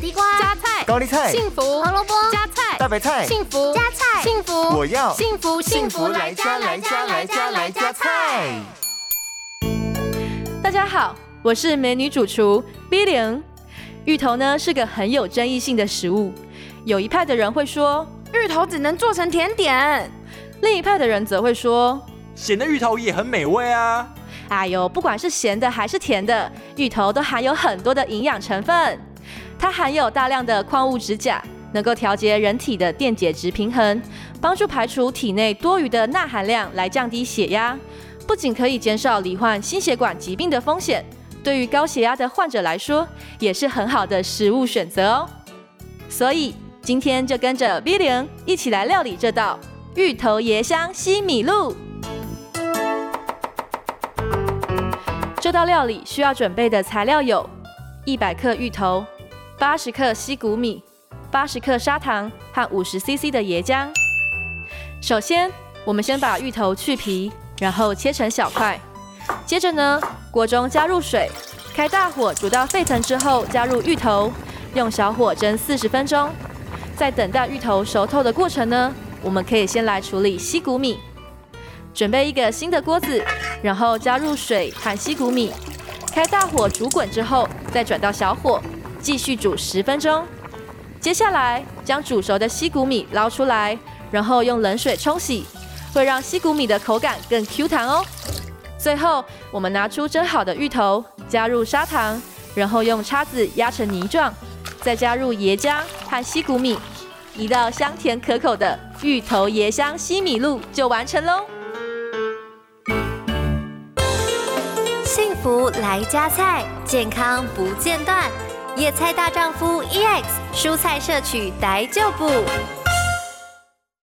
西瓜、加菜、高麗菜、幸福、胡蘿蔔、加菜、大白菜、幸福、加菜、幸福，我要幸福幸福來加來加來加來，來，來加菜。大家好，我是美女主廚 Vivian。芋頭呢，是個很有爭議性的食物，有一派的人會說，芋頭只能做成甜點，另一派的人則會說鹹的芋頭也很美味啊。哎呦，不管是鹹的還是甜的，芋頭都含有很多的營養成分。它含有大量的礦物質鉀，能夠調節人體的電解質平衡，幫助排除體內多餘的鈉含量來降低血壓。不僅可以減少罹患心血管疾病的風險，對於高血壓的患者來說也是很好的食物選擇哦。所以今天就跟着 Villian 一起來料理這道芋頭椰香西米露。這道料理需要準備的材料有：一百克芋頭。八十克西谷米、八十克砂糖和五十 CC 的椰漿。首先，我們先把芋頭去皮，然後切成小塊。接着呢，鍋中加入水，開大火煮到沸騰之後，加入芋頭，用小火蒸四十分鐘。在等待芋頭熟透的過程呢，我們可以先來處理西谷米。準備一個新的鍋子，然後加入水和西谷米，開大火煮滾之後，再轉到小火。繼續煮十分鐘，接下來將煮熟的西谷米撈出來，然後用冷水沖洗，會讓西谷米的口感更 Q 彈哦。最後，我們拿出蒸好的芋頭，加入砂糖，然後用叉子壓成泥狀，再加入椰漿和西谷米，一道香甜可口的芋頭椰香西米露就完成嘍。幸福來加菜，健康不間斷。野菜大丈夫 EX，蔬菜攝取逮就補。